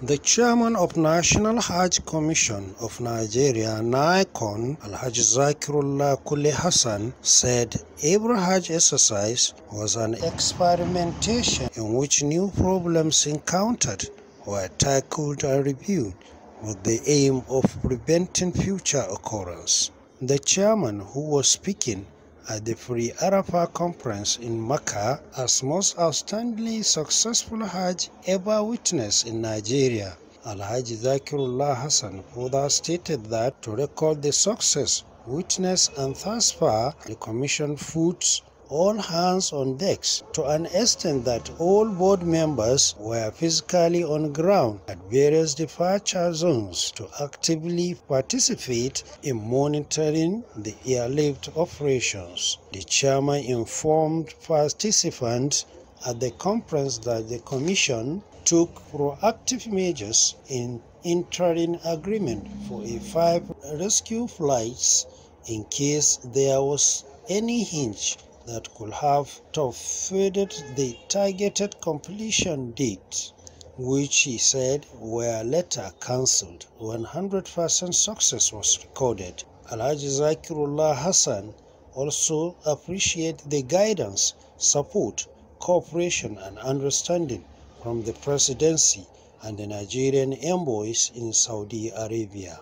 The chairman of National Hajj Commission of Nigeria, Naikon Al-Hajj Zakirullah Kule Hassan, said every Hajj exercise was an experimentation in which new problems encountered were tackled and reviewed with the aim of preventing future occurrence. The chairman who was speaking at the Free Arafah Conference in Mecca as most outstandingly successful Hajj ever witnessed in Nigeria. Al-Hajj Zakirullah Hassan further stated that to record the success witnessed and thus far, the Commission foods all hands on decks to an extent that all board members were physically on ground at various departure zones to actively participate in monitoring the airlift operations. The chairman informed participants at the conference that the Commission took proactive measures in entering agreement for a five rescue flights in case there was any hinge that could have torpedoed the targeted completion date, which he said were later cancelled. 100% success was recorded. Alhaji Zakirullah Hassan also appreciate the guidance, support, cooperation and understanding from the presidency and the Nigerian envoys in Saudi Arabia.